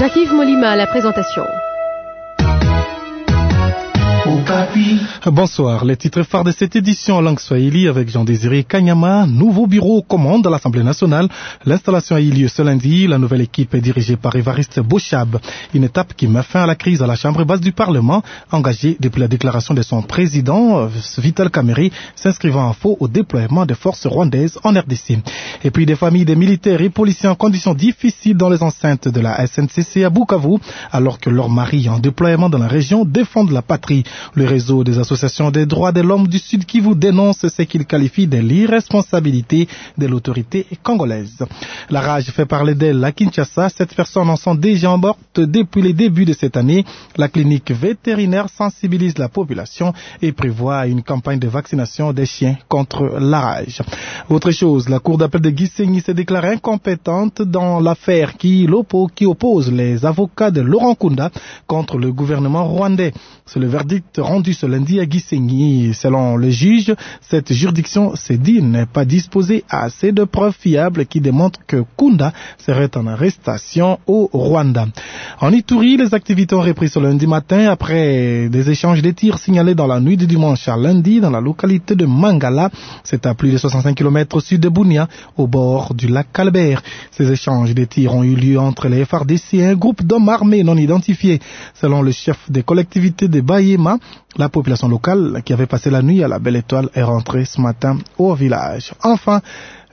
Zakiv Molima à la présentation. Bonsoir. Les titres phares de cette édition en langue swahili avec Jean-Désiré Kanyama. Nouveau bureau commande commandes à l'Assemblée nationale. L'installation a eu lieu ce lundi. La nouvelle équipe est dirigée par Évariste Bouchab. Une étape qui met fin à la crise à la Chambre basse du Parlement, engagée depuis la déclaration de son président, euh, Vital Kameri, s'inscrivant en faux au déploiement des forces rwandaises en RDC. Et puis des familles des militaires et policiers en conditions difficiles dans les enceintes de la SNCC à Bukavu, alors que leurs maris en déploiement dans la région défendent la patrie. Le réseau des associations des droits de l'homme du Sud qui vous dénonce ce qu'il qualifie de l'irresponsabilité de l'autorité congolaise. La rage fait parler d'elle à Kinshasa. Cette personne en sont déjà en morte depuis les débuts de cette année. La clinique vétérinaire sensibilise la population et prévoit une campagne de vaccination des chiens contre la rage. Autre chose, la cour d'appel de Gisenyi s'est déclarée incompétente dans l'affaire qui, qui oppose les avocats de Laurent Kunda contre le gouvernement rwandais. C'est le verdict rendu ce lundi à Guisségny. Selon le juge, cette juridiction dit n'est pas disposée à assez de preuves fiables qui démontrent que Kunda serait en arrestation au Rwanda. En Ituri, les activités ont repris ce lundi matin après des échanges de tirs signalés dans la nuit du dimanche à lundi dans la localité de Mangala. C'est à plus de 65 km au sud de Bunia, au bord du lac Calbert. Ces échanges de tirs ont eu lieu entre les FARDC et un groupe d'hommes armés non identifiés. Selon le chef des collectivités de Bayema, la population locale qui avait passé la nuit à la Belle Étoile est rentrée ce matin au village. Enfin,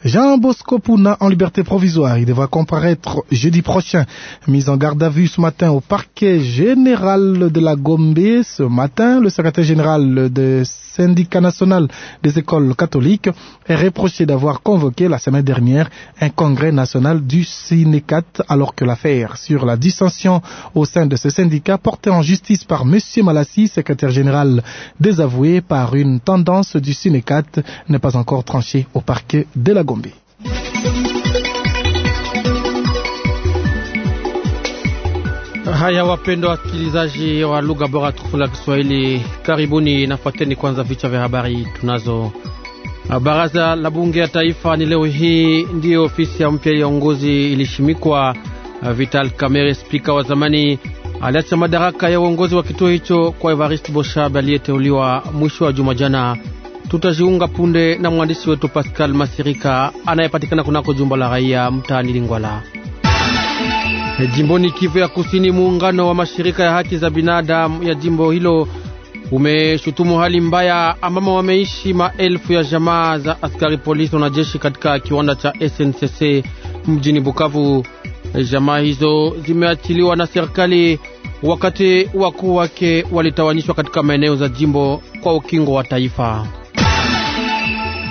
Jean Bosco Pouna en liberté provisoire. Il devra comparaître jeudi prochain. Mise en garde à vue ce matin au parquet général de la Gombe. Ce matin, le secrétaire général de le syndicat national des écoles catholiques est reproché d'avoir convoqué la semaine dernière un congrès national du Sénécat alors que l'affaire sur la dissension au sein de ce syndicat portée en justice par M. Malassi, secrétaire général désavoué par une tendance du Sénécat, n'est pas encore tranchée au parquet de la Gombe. Haya, wapendwa wasikilizaji wa lugha bora tukufu la Kiswahili, karibuni nafuateni kwanza vichwa vya habari tunazo. Baraza la bunge ya taifa ni leo hii ndiyo ofisi ya mpya ya uongozi ilishimikwa. Vital Kamerhe, spika wa zamani, aliacha madaraka ya uongozi wa kituo hicho kwa Evariste Boshab aliyeteuliwa mwisho wa juma jana. Tutajiunga punde na mwandishi wetu Pascal Masirika anayepatikana kunako jumba la raia mtaani Lingwala. Eh, jimboni Kivu ya Kusini, muungano wa mashirika ya haki za binadamu ya jimbo hilo umeshutumu hali mbaya ambamo wameishi maelfu ya jamaa za askari polisi jeshi katika kiwanda cha SNCC mjini Bukavu. Eh, jamaa hizo zimeachiliwa na serikali, wakati wakuu wake walitawanyishwa katika maeneo za jimbo kwa ukingo wa taifa.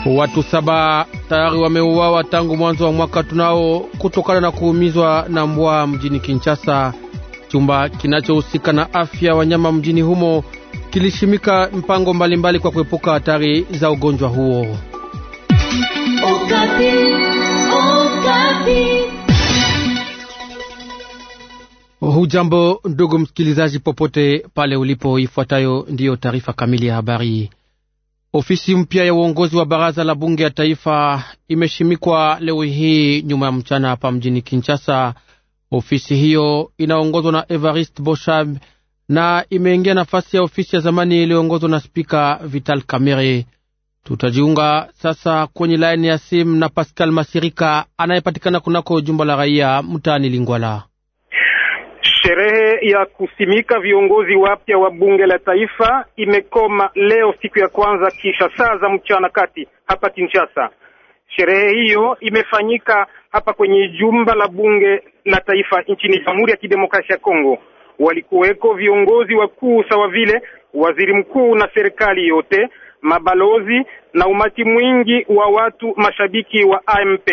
Watu saba tayari wameuawa tangu mwanzo wa mwaka tunao kutokana na kuumizwa na mbwa mjini Kinshasa. Chumba kinachohusika na afya wanyama mjini humo kilishimika mpango mbalimbali mbali kwa kuepuka hatari za ugonjwa huo. Okapi, Okapi. Hujambo ndugu msikilizaji, popote pale ulipo, ifuatayo ndiyo taarifa kamili ya habari. Ofisi mpya ya uongozi wa baraza la bunge ya taifa imeshimikwa leo hii nyuma ya mchana hapa mjini Kinshasa. Ofisi hiyo inaongozwa na Evariste Boshab na imeingia nafasi ya ofisi ya zamani iliyoongozwa na spika Vital Kamerhe. Tutajiunga sasa kwenye laini ya simu na Pascal Masirika anayepatikana kunako jumba la raia mtaani Lingwala. Sherehe ya kusimika viongozi wapya wa bunge la taifa imekoma leo siku ya kwanza kisha saa za mchana kati hapa Kinshasa. Sherehe hiyo imefanyika hapa kwenye jumba la bunge la taifa nchini Jamhuri ya Kidemokrasia ya Kongo. Walikuweko viongozi wakuu sawa vile waziri mkuu na serikali yote, mabalozi na umati mwingi wa watu mashabiki wa AMP.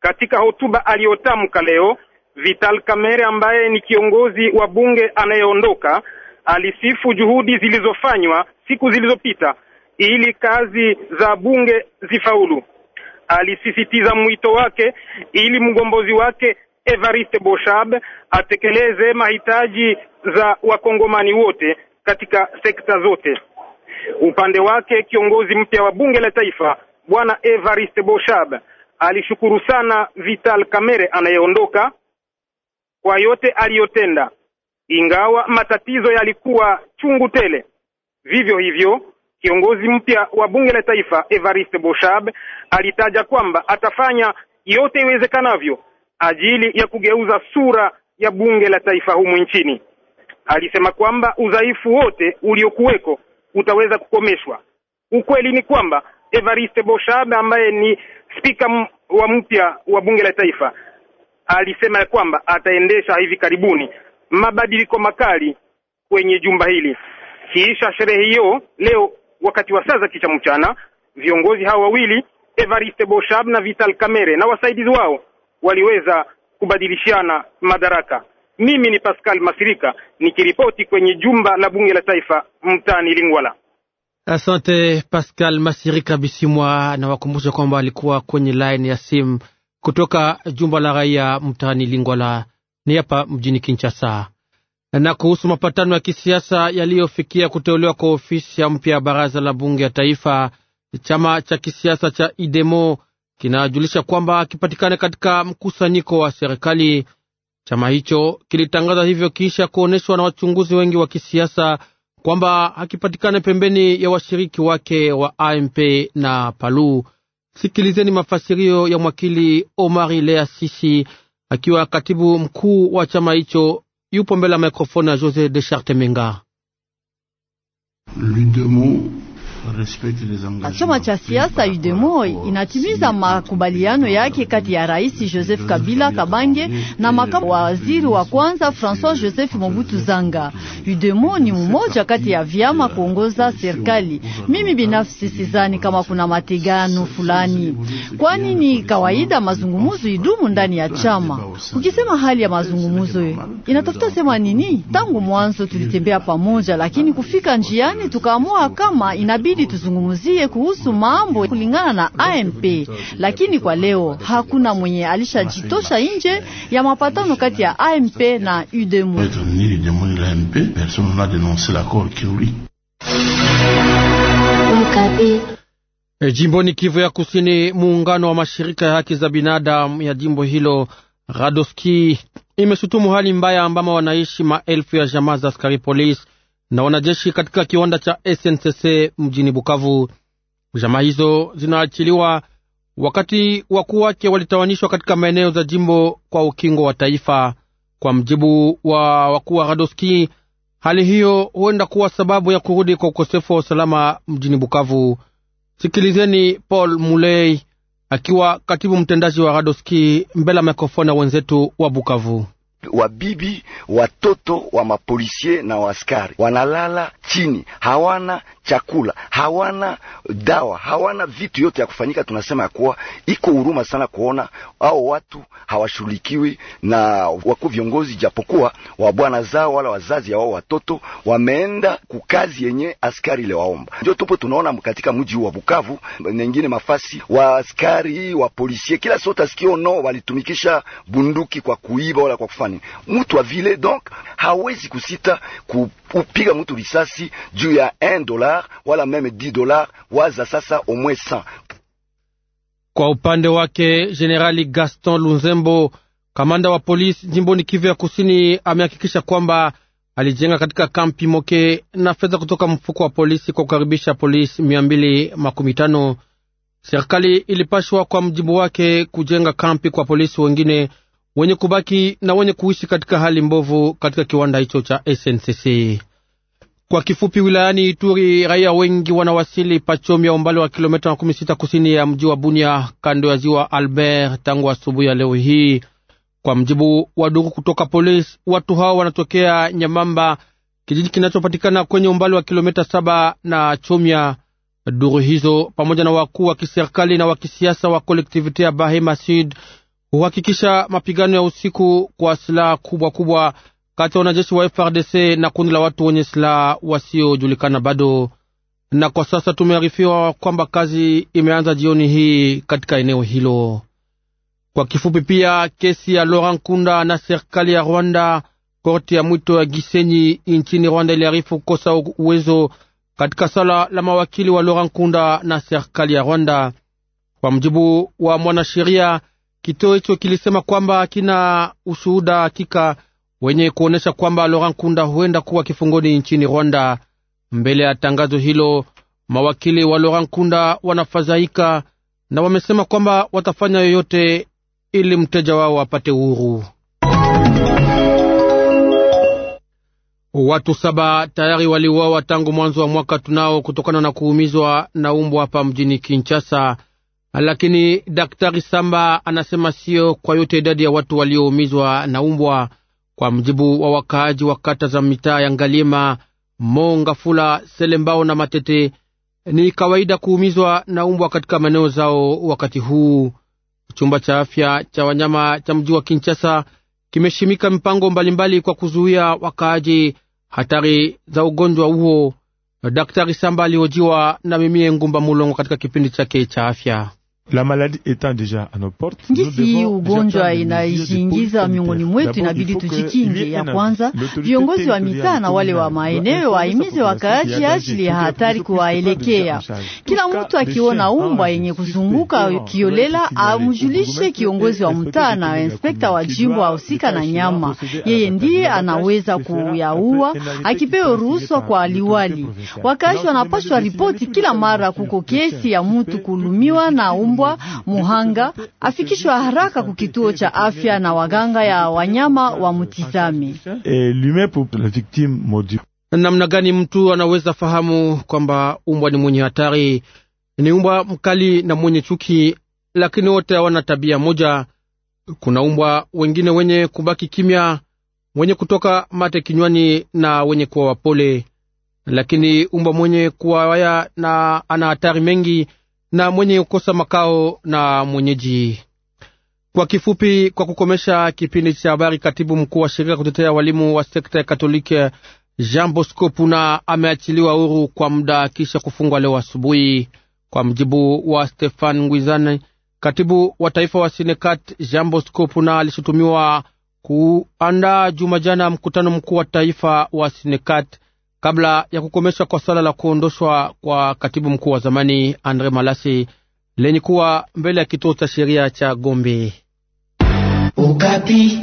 Katika hotuba aliyotamka leo Vital Kamerhe ambaye ni kiongozi wa bunge anayeondoka alisifu juhudi zilizofanywa siku zilizopita ili kazi za bunge zifaulu. Alisisitiza mwito wake ili mgombozi wake Evariste Boshab atekeleze mahitaji za wakongomani wote katika sekta zote. Upande wake, kiongozi mpya wa bunge la taifa Bwana Evariste Boshab alishukuru sana Vital Kamerhe anayeondoka kwa yote aliyotenda ingawa matatizo yalikuwa chungu tele. Vivyo hivyo, kiongozi mpya wa bunge la taifa Evariste Boshab alitaja kwamba atafanya yote iwezekanavyo ajili ya kugeuza sura ya bunge la taifa humu nchini. Alisema kwamba udhaifu wote uliokuweko utaweza kukomeshwa. Ukweli ni kwamba Evariste Boshab ambaye ni spika wa mpya wa bunge la taifa alisema ya kwamba ataendesha hivi karibuni mabadiliko makali kwenye jumba hili. Kiisha sherehe hiyo leo wakati wa saa za kicha mchana, viongozi hao wawili Evariste Boshab na Vital Kamere na wasaidizi wao waliweza kubadilishana madaraka. Mimi ni Pascal Masirika nikiripoti kwenye jumba la bunge la taifa mtaani Lingwala. Asante Pascal Masirika Bisimwa, na wakumbusha kwamba alikuwa kwenye line ya simu kutoka jumba la raia mtaani Lingwala ni hapa mjini Kinshasa. Na kuhusu mapatano ya kisiasa yaliyofikia kuteuliwa kwa ofisi ya mpya ya baraza la bunge ya taifa, chama cha kisiasa cha Idemo kinajulisha kwamba kipatikane katika mkusanyiko wa serikali. Chama hicho kilitangaza hivyo kisha kuonyeshwa na wachunguzi wengi wa kisiasa kwamba hakipatikane pembeni ya washiriki wake wa AMP na PALU Sikilizeni mafasirio ya mwakili Omari Lea Sisi akiwa katibu mkuu wa chama hicho, yupo mbele ya mikrofoni ya Jose de menga Chama cha siasa Udemo inatimiza makubaliano yake kati ya Rais Joseph Kabila Kabange na makamu wa waziri wa kwanza François Joseph Mobutu Zanga. Udemo ni mmoja kati ya vyama kuongoza serikali. Mimi binafsi sizani kama kuna matigano fulani, kwani ni kawaida mazungumuzo idumu ndani ya chama. Ukisema hali ya mazungumuzo inatafuta sema nini? Tangu mwanzo tulitembea pamoja, lakini kufika njiani tukaamua kama inabidi itabidi tuzungumzie kuhusu mambo kulingana na AMP, lakini kwa leo hakuna mwenye alishajitosha nje ya mapatano kati ya AMP na UDEMO. Jimboni Kivu ya Kusini, muungano wa mashirika ya haki za binadamu ya jimbo hilo Radoski imeshutumu hali mbaya ambamo wanaishi maelfu ya jamaa za askari polisi na wanajeshi katika kiwanda cha SNCC mjini Bukavu. Jamaa hizo zinaachiliwa wakati wakuu wake walitawanishwa katika maeneo za jimbo kwa ukingo wa taifa. Kwa mjibu wa wakuu wa Radoski, hali hiyo huenda kuwa sababu ya kurudi kwa ukosefu wa usalama mjini Bukavu. Sikilizeni Paul Mulei akiwa katibu mtendaji wa Radoski mbele ya mikrofoni ya wenzetu wa Bukavu wabibi, watoto wa mapolisie na waaskari wanalala chini, hawana chakula, hawana dawa, hawana vitu yote ya kufanyika. Tunasema ya kuwa iko huruma sana kuona au watu hawashughulikiwi na wakuu viongozi, japokuwa wabwana zao wala wazazi ya wao watoto wameenda kukazi yenye askari ile waomba. Ndio tupo tunaona katika mji wa Bukavu nyingine mafasi wa askari wa polisi kila sio sikio no walitumikisha bunduki kwa kuiba wala kwa kufanya mtu wa vile, donc hawezi kusita kupiga mtu risasi juu ya 1 dola dollars wala meme 10 dollars, waza sasa moins 100. Kwa upande wake Generali Gaston Lunzembo, kamanda wa polisi jimboni Kivu ya Kusini, amehakikisha kwamba alijenga katika kampi Moke na fedha kutoka mfuko wa polisi kwa kukaribisha polisi mia mbili makumi tano. Serikali ilipashwa kwa mjibu wake kujenga kampi kwa polisi wengine wenye kubaki na wenye kuishi katika hali mbovu katika kiwanda hicho cha SNCC. Kwa kifupi, wilayani Ituri raia wengi wanawasili ya umbali wa kilomita sita kusini ya mji wa Bunia, kando ya ziwa Albert, tangu asubuhi ya leo hii. Kwa mjibu wa duru kutoka polisi, watu hao wanatokea Nyamamba, kijiji kinachopatikana kwenye umbali wa kilomita saba na chomia Duru hizo pamoja na wakuu wa kiserikali na wa kisiasa wa kolektivite ya Bahema Sud huhakikisha mapigano ya usiku kwa silaha kubwa kubwa kati ya wanajeshi wa FRDC na kundi la watu wenye silaha wasiojulikana bado, na kwa sasa tumearifiwa kwamba kazi imeanza jioni hii katika eneo hilo. Kwa kifupi, pia kesi ya Laurent Nkunda na serikali ya Rwanda, korti ya mwito ya Gisenyi nchini Rwanda iliarifu kosa uwezo katika sala la mawakili wa Laurent Nkunda na serikali ya Rwanda. Kwa mjibu wa mwanasheria, kituo hicho kilisema kwamba kina ushuhuda hakika wenye kuonyesha kwamba Laurent Nkunda huenda kuwa kifungoni nchini Rwanda. Mbele ya tangazo hilo, mawakili wa Laurent Nkunda wanafadhaika na wamesema kwamba watafanya yoyote ili mteja wao apate uhuru. Watu saba tayari waliuawa tangu mwanzo wa mwaka tunao kutokana na kuumizwa na umbo hapa mjini Kinshasa, lakini daktari Samba anasema sio kwa yote idadi ya watu walioumizwa na umbwa kwa mjibu wa wakaaji wa kata za mitaa ya Ngalima, Monga, Fula, Selembao na Matete, ni kawaida kuumizwa na umbwa katika maeneo zao wakati huu. Chumba cha afya cha wanyama cha mji wa Kinshasa kimeshimika mipango mbalimbali kwa kuzuia wakaaji hatari za ugonjwa huo. Daktari Samba alihojiwa na Mimie Ngumba Mulongo katika kipindi chake cha afya. La maladie etant deja a nos portes, ngisi ugonjwa inajiingiza miongoni mwetu, inabidi tujikinge. Ya kwanza viongozi wa mitaa na wale wa maeneo waimize wakaaji ajili ya hatari kuwaelekea. Kila mtu akiona umbwa yenye kuzunguka kiolela amjulishe kiongozi wa mtaa na inspekta wa jimbo ahusika na nyama, yeye ndiye anaweza kuyaua akipewa ruhusa kwa liwali. Wakaaji wanapashwa ripoti kila mara kuko kesi ya mtu kulumiwa na umbwa mbwa muhanga afikishwe haraka ku kituo cha afya na waganga ya wanyama wa mtizame. Namna gani mtu anaweza fahamu kwamba umbwa ni mwenye hatari? Ni umbwa mkali na mwenye chuki, lakini wote hawana tabia moja. Kuna umbwa wengine wenye kubaki kimya, wenye kutoka mate kinywani na wenye kuwa wapole, lakini umbwa mwenye kuwa waya na ana hatari mengi na mwenye kukosa makao na mwenyeji. Kwa kifupi, kwa kukomesha kipindi cha habari, katibu mkuu wa shirika kutetea walimu wa sekta ya Katoliki Jean Bosco Puna ameachiliwa huru kwa muda kisha kufungwa leo asubuhi. Kwa mjibu wa Stefan Ngwizane, katibu wa taifa wa Sinekat, Jean Bosco Puna alishutumiwa kuandaa juma jana mkutano mkuu wa taifa wa Sinekat kabla ya kukomeshwa kwa swala la kuondoshwa kwa katibu mkuu wa zamani Andre Malasi lenye kuwa mbele ya kituo cha sheria cha Gombe. Ukapi.